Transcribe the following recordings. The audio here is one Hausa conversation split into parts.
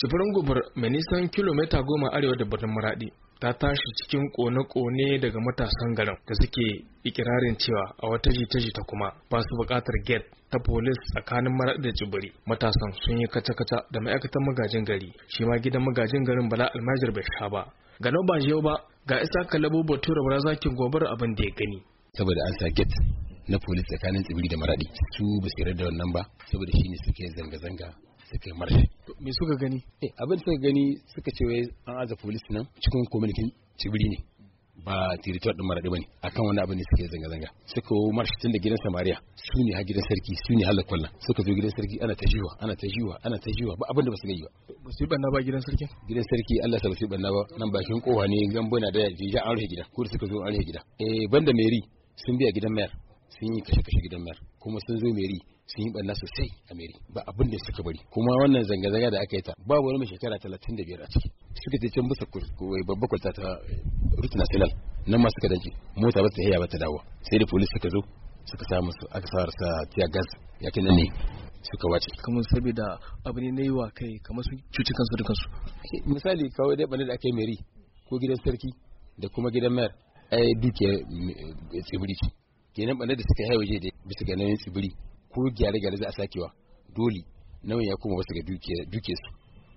Tsibirin gubar mai nisan kilomita goma arewa da birnin maradi ta tashi cikin kone-kone daga matasan garin da suke ikirarin cewa a wata jita-jita kuma ba su bukatar get ta polis tsakanin maradi da jibiri matasan sun yi kaca-kaca da ma'aikatan magajin gari shi ma gidan magajin garin bala almajir bai sha ba gano ba yau ba ga isa kalabo batura bara zakin gobar abin da ya gani saboda an sa get na polis tsakanin tsibiri da maradi su ba su yarda da wannan ba saboda shi ne suke zanga-zanga suka yi marshi me suka gani eh abin suka gani suka ce wai an aza police nan cikin community cibiri ne ba territory din maradi bane akan wani abin ne suke zanga zanga suka yi marshi tun da gidan samariya su ne ha gidan sarki su ne halakwa nan suka zo gidan sarki ana ta jiwa ana ta jiwa ana ta jiwa ba abin da ba su gani ba ba su yi banna ba gidan sarki gidan sarki Allah sa ba banna ba nan bakin kowa ne gambuna da ya an rufe gida ko suka zo an rufe gida eh banda meri sun biya gidan mayar sun yi kashe kashe gidan mayar kuma sun zo meri sun yi ɓanna sosai a meri ba abin da suka bari kuma wannan zanga-zanga da aka yi ta ba wani mai shekara talatin da biyar a ciki suka ce can bisa babba kwalta ta eh, rute national nan ma suka danci mota ba ta haya ba ta dawo sai da polis suka zo suka samu aka sa rasa tiya gas yakin nan ne suka wace kamar saboda abu ne na yi wa kai kamar sun cuci kansu da kansu misali kawai dai ɓanna da aka yi meri ko gidan sarki da kuma gidan mayar ai duke eh, tsibiri kenan bane da suka yi waje da bisa ganin tsibiri ko gyare-gyare za a sakewa dole nauyin ya koma wasu ga duke su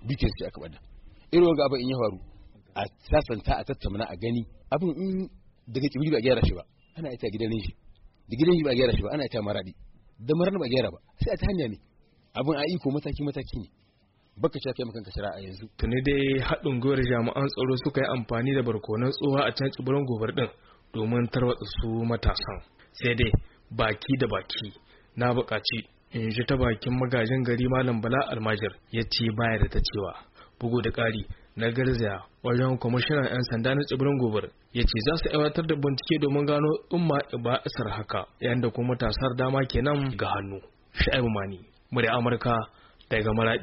duke su aka bada irin wanga abin in ya faru a sasanta a tattauna a gani abin in daga kibiri ba gyara shi ba ana ita gidan shi da gidan shi ba gyara shi ba ana ita maradi da marar ba gyara ba sai a ta hanya ne abin a iko mataki mataki ne baka sha kai makanka shara a yanzu tuni dai haɗin gwiwar jami'an tsaro suka yi amfani da barkonan tsoha a can tsibirin gobar din domin tarwatsa su matasan sai dai baki da baki na buƙaci in ji ta bakin magajin gari malam bala almajir ya ce baya da ta cewa bugu da ƙari na garzaya wajen kwamishinan 'yan sanda na tsibirin gobar ya ce za su aiwatar da bincike domin gano umma ba isar haka yayin da kuma tasar dama kenan ga hannu sha'ibu mani murya amurka daga maradi